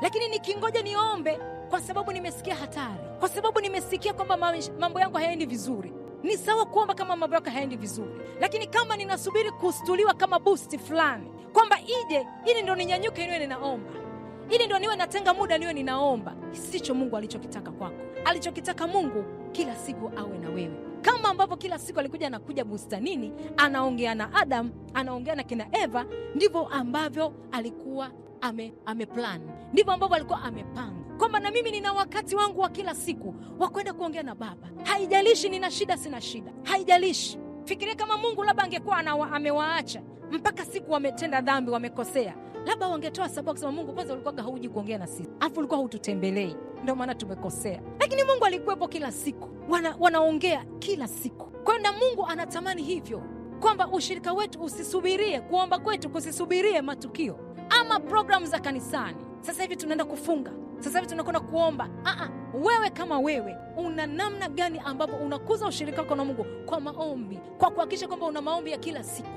lakini nikingoja niombe, kwa sababu nimesikia hatari, kwa sababu nimesikia kwamba mambo yangu hayaendi vizuri. Ni sawa kuomba kama mambo yako hayaendi vizuri, lakini kama ninasubiri kustuliwa kama busti fulani kwamba ije ili ndo ninyanyuke niwe ninaomba, ili ndo niwe natenga muda niwe ninaomba, sicho Mungu alichokitaka kwako. Alichokitaka Mungu kila siku awe na wewe kama ambavyo kila siku alikuja anakuja bustanini, anaongea na Adam, anaongea na kina Eva, ndivyo ambavyo alikuwa ame, ameplan, ndivyo ambavyo alikuwa amepanga kwamba na mimi nina wakati wangu wa kila siku wa kwenda kuongea na Baba. Haijalishi nina shida, sina shida, haijalishi. Fikiria kama Mungu labda angekuwa amewaacha mpaka siku wametenda dhambi, wamekosea, labda wangetoa sababu kusema, Mungu kwanza ulikuwaga hauji kuongea na sisi, alafu ulikuwa hututembelei ndio maana tumekosea. Lakini Mungu alikuwepo kila siku, wana, wanaongea kila siku. Kwa na Mungu anatamani hivyo kwamba ushirika wetu usisubirie, kuomba kwetu kusisubirie matukio ama programu za kanisani. Sasa hivi tunaenda kufunga, sasa hivi tunakwenda kuomba. Aa, ah, ah. wewe kama wewe una namna gani ambapo unakuza ushirika wako na Mungu kwa maombi, kwa kuhakikisha kwamba una maombi ya kila siku.